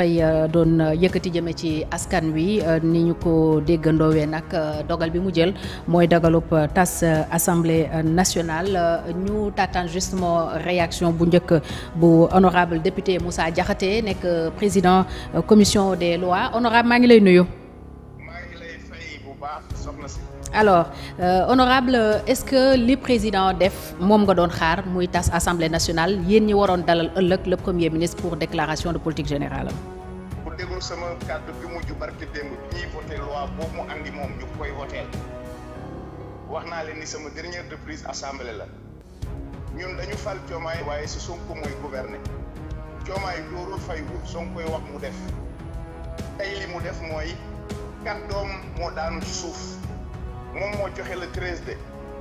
fay euh, doon euh, yëkkati jëme ci askan wi euh, ni ñu ko déggandoowee nag dogal bi mu jël mooy dogalub tas assemblée nationale ñu taataan justement réaction bu njëkk bu honorable député Moussa Diakhaté nekk président commission des lois honorable maa ngi lay nuyu alors euh, honorable est-ce que li président def moom nga doon xaar muy tas assemblée nationale yéen ñi waroon dalal ëllëg le premier ministre pour déclaration de politique générale am bu déglu sama kàddu bi mujj barki démb bi ñuy voté loi boobu mu andi moom ñu koy voteel wax naa leen sama dernière reprise assemblée la ñun dañu fal Diomaye waaye si Sonko mooy gouverner Diomaye dóorul fay wut Sonkoy wax mu def tey li mu def mooy kàddoom moo moom moo joxe le treize de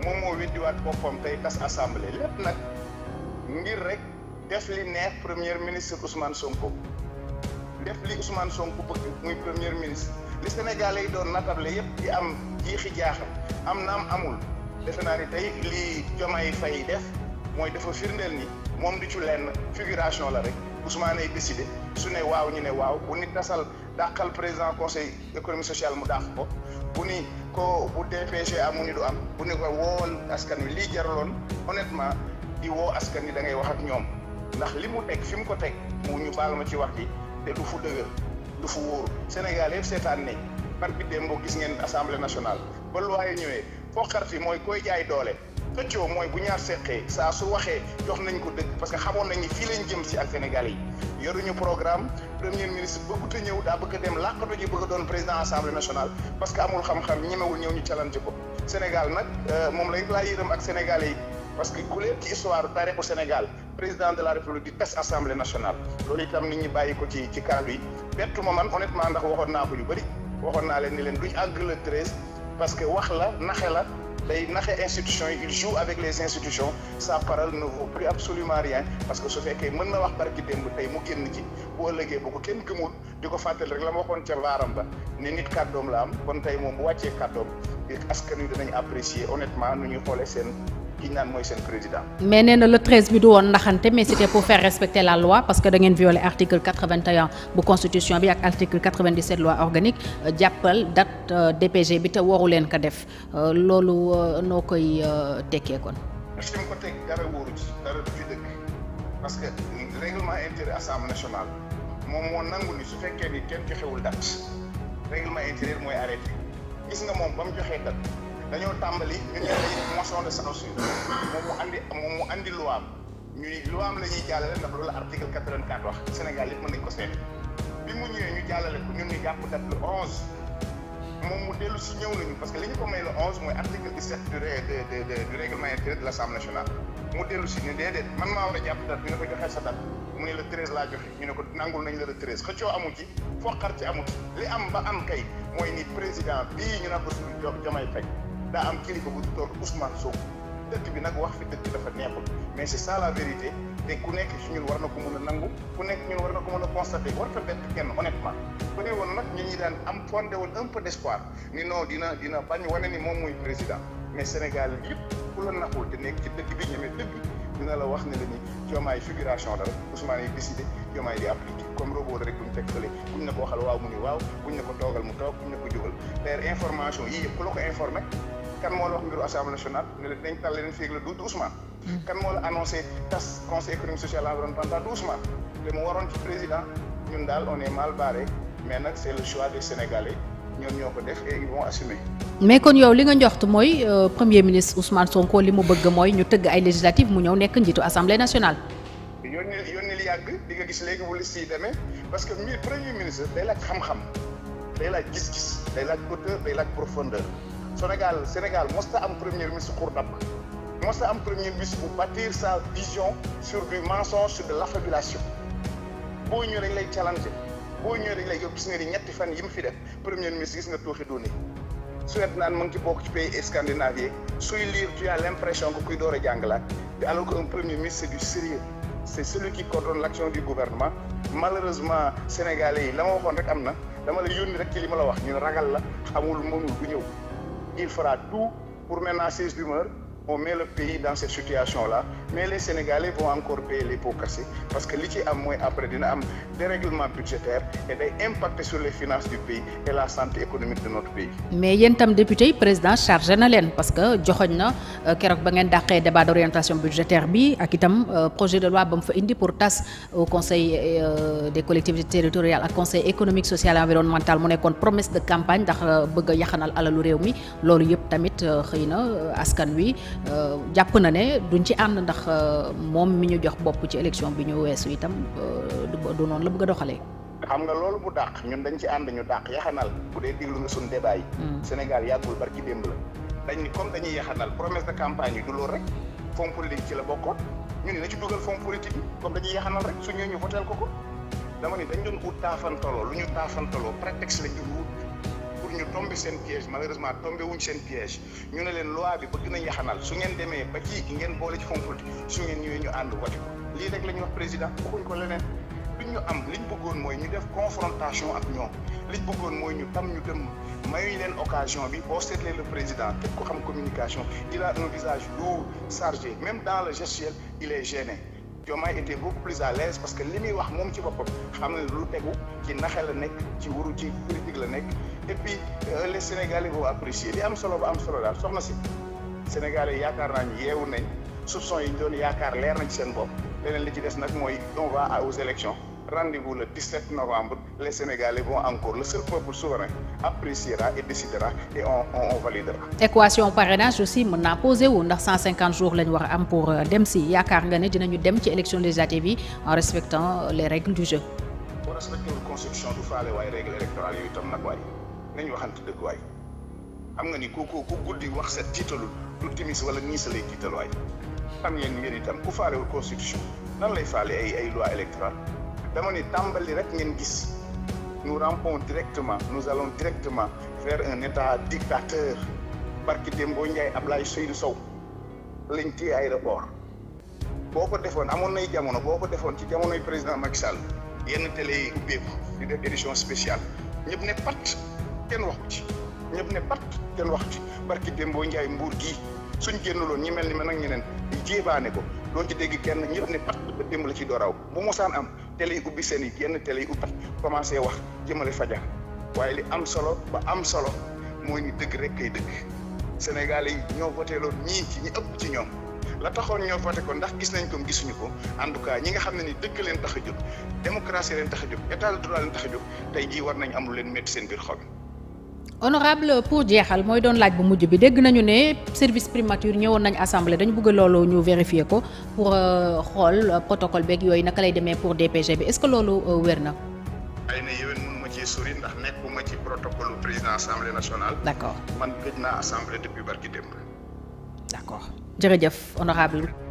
moom moo weddiwaat boppam tey tas assemblée lépp nag ngir rek def li neex premier ministre Ousmane Sonko def li Ousmane sonk bëgg muy premier ministre li Sénégalais yi doon natable yépp di am jiixi jaaxam am na am amul defe naa ni tey li Diomaye Faye def mooy dafa firndeel ni moom du ci lenn figuration la rek Ousmane ay décidé su ne waaw ñu ne waaw bu ni tasal dàqal président conseil économique social mu dàq ko bu ni ko bu DPG amuñu du am bu ni ko wool askan wi lii jaraloon honnêtement di woo askan wi da ngay wax ak ñoom ndax li mu nekk fi mu ko teg mu ñu baal ma ci wax ji te du fu dëgër du fu wóor Sénégal yëpp seetaan nañ par bi démb gis ngeen assemblée nationale ba loi ñëwee foo xarti mooy koy jaay doole. xëccoo mooy bu ñaar seqee saa su waxee jox nañ ko dëgg parce que xamoon nañu ni fii lañ jëm si ak sénégal yi yoruñu programme premier ministre bëggut ñëw daa bëgg a dem làqatu ji bëgg a doon président assemblée nationale parce que amul xam-xam ñemewul ñëw ñu challenge ko Sénégal nag euh, moom lañ laa yërëm ak Sénégalais yi parce que ku leen ci histoire taarixu Sénégal président de la république di tas assemblée nationale loolu itam nit ñi bàyyi ko ci ci kàddu yi bettu ma man naa ko yu bëri waxoon naa leen ni leen duñ àgg le treize parce que wax la naxe la. day naxe institution yi il joue avec les institutions sa parole ne vaut plus absolument rien parce que su fekkee mën na wax bara barki démb tey mu génn ci bu ëllëgee bu ko kenn gëmul di ko fàttali rek la ma waxoon ca baaram ba ne nit kàddoom la am kon tey moom bu wàccee kàddoom askan wi dinañ apprécier honnêtement nu ñuy xoolee seen ki naan mooy seen président. mais nee na le treize bi du woon ndaxante mais c'était pour faire respecter la loi parce que da ngeen violer article quatre vingt et bu constitution bi ak article quatre vingt dix sept loi organique euh, jàppal date euh, DPG bi te waru leen ko def euh, loolu noo koy tekkee kon. parce que règlement intérieur assemblée nationale moom moo nangu ni su fekkee ni kenn joxewul date règlement intérieur mooy arrêté gis nga moom ba joxee date. dañoo tàmbali ñu ne la motion de censure moom mu andi moom mu andi luwaam ñuy luwaam la ñuy jàllale ndax loolu article quatre vingt quatre wax Sénégal yëpp mën nañ ko seet bi mu ñëwee ñu jàllale ko ñun ñu jàpp date le onze moom mu dellu si ñëw nañu parce ko may le onze mooy article dix sept du du règlement intérieur de l'Assemblée nationale mu dellu si ñu déedéet man maa war a jàpp date bi nga ko joxee sa date mu ne le treize laa joxe ñu ne ko nangul nañ la le treize xëccoo amu ci foqar ci amu ci li am ba am kay mooy ni daa am kilifa bu toog Ousmane Sonko dëkk bi nag wax fi dëkk dafa neexul mais c'est ça la vérité te ku nekk ci ñun war na ko mën a nangu ku nekk ñun war na ko mën a constater war na bett kenn honnêtement am fondé woon un peu d'espoir ni non dina dina bañ moom muy président mais Sénégal yëpp ku la naxul te nekk ci dëkk bi dina la wax ne la ni Diomaye figuration la rek Ousmane yi décidé Diomaye di appliqué comme robot ko waxal waaw ko toogal mu ko jógal d'ailleurs information yii yëpp ku la ko informé kan moo la wax mbiru assemblée nationale ne la dinañ tal leen fii ak le du Ousmane. Mm-hmm. kan moo la annoncé tas conseil économique social environnemental du Ousmane. li mu waroon ci président ñun daal on est mal barré mais nag c' est le choix ñoom ñoo ko def et ils vont assumer. mais kon yow li nga njoxt mooy euh, premier ministre Ousmane Sonko li mu bëgg mooy ñu tëgg ay législative mu ñëw nekk njiitu assemblée nationale. yónni yónni li yàgg di gis léegi bu que mi premier ministre Sénégal Sénégal mosta am premier ministre xur damm mosta am premier ministre bu bâtir sa vision sur du mensonge sur de l'affabulation boo ñëwee dañ lay challenger boo ñëwee dañ lay yóbbu gis nga ni ñetti fan yi mu fi def premier ministre gis nga tooxi doone Suède naan mu ngi ci bokk ci pays scandinavie suy lire tu l'impression que kuy door a jàngalaat te alors que un premier ministre c'est du sérieux c'est celui qui coordonne l'action du gouvernement yi la ma waxoon rek am na dama la yónni rek ci li ma la wax ñun ragal la amul mënul du ñëw il fera tout pour maintenant ces rumeurs on met le pays dans cette situation-là mais les Sénégalais vont encore payer les pots parce que li ci am mooy après dina am dérèglement budgétaire et day impacter sur les finances du pays et la santé économique de notre pays. mais yéen tam député yi président chargé na leen parce que joxoñ na euh, keroog ba ngeen dàqee débat d'orientation budgétaire bi ak itam euh, projet de loi ba mu fa indi pour tas au conseil euh, des collectivités territoriales ak conseil économique social et environnemental mu nekkoon promesse de campagne ndax bëgg a alalu réew mi loolu yëpp tamit xëy na askan wi. Euh, jàpp na ne duñ ci ànd ndax euh, moom mi ñu jox bopp ci élection bi ñu weesu itam euh, du noon la bëgg a doxalee. xam nga loolu mu dàq ñun dañ ci ànd ñu dàq yaxanal bu dee diglu nga suñu débat yi. Hmm. Sénégal yàggul bari ci démb la. dañ ni comme dañuy yaxanal promesse de campagne yi du loolu rek fonds politique ci la bokkoon ñu ne na ci dugal fonds politique yi comme dañuy yaxanal rek su ñëwee ñu voté ko ko dama ni dañ doon ut taafantaloo lu ñu taafantaloo prétexte la ñu pour ñu tombe seen piège malheureusement tombé wuñ seen piège ñu ne leen loi bi bëgg nañ yaxanal su ngeen demee ba ci ki ngeen boole ci fonds politique su ngeen ñëwee ñu ànd voté lii rek la ñuy wax président waxuñ ko leneen liñ ñu am liñ bëggoon mooy ñu def confrontation ak ñoom liñ bëggoon mooy ñu tam ñu dem mayuñ leen occasion bi boo seetlee le président képp ko xam communication il a un visage lourd chargé même dans le gestuel il est gêné Diomaye était beaucoup plus à l'aise parce que li muy wax moom ci boppam xam ne lu tegu ci naxe la ci waru ci critique la nekk et puis euh, les Sénégalais vont apprécier li am solo ba am solo daal soxna si Sénégalais yaakaar naa ñu yeewu nañ soupçon yi ñu doon yaakaar leer nañ seen bopp leneen li ci des nag mooy don va aux élections rendez-vous le 17 novembre les Sénégalais vont encore le seul peuple souverain appréciera et décidera et on équation parrainage aussi mën naa posé ndax jours lañ war a am pour euh, dem si yaakaar nga ne dinañu dem ci élection législative yi en respectant les règles du nañu waxante dëgg waay xam nga ni ku ku ku guddi wax sa tiitalul du timis wala nii sa lay tiital waay xam ngeen mbir itam ku faalewul constitution nan lay faale ay ay loi électorale dama ne tàmbali rek ngeen gis nous rampons directement nous allons directement vers un état dictateur barki Dembo ab Ablaye Seydou Sow lañ téye aéroport boo ko defoon amoon nay jamono boo ko defoon ci jamonoy président Macky yenn télé yi ubbeeku di def édition spéciale ñëpp kenn waxu ci ñëpp ne pat kenn waxu ci barki démboo njaay mbuur gii suñ génnuloon ñi mel ni man ak ñeneen di jéebaane ko doo ci dégg kenn ñëpp ne pat ba démb la ci dooraw bu mosaan am télé yi ubbi seen yi genn télé yi ubbi commencé wax jëmale fajar waaye li am solo ba am solo mooy ni dëgg rek kay dëgg Sénégalais yi ñoo voté loon ñii ci ñi ëpp ci ñoom la taxoon ñoo voté ko ndax gis nañ ko gisuñu ko en tout cas ñi nga xam ne ni dëgg leen tax a jóg démocratie leen tax a jóg a jóg tey jii war nañ am leen metti seen biir xol. honorable pour jeexal mooy doon laaj bu mujj bi dégg nañu ne service primature ñëwoon nañ assemblée dañu bëgg loolu ñu vérifier ko pour euh, xool euh, protocole beeg yooyu naka lay demee pour DPG bi est-ce que loolu euh, wér na. ay na yéen mënuma ci sori ndax nekkuma ci protocole président assemblée nationale. d'accord man gëj naa assemblée depuis barki démb. d'accord jërëjëf honorable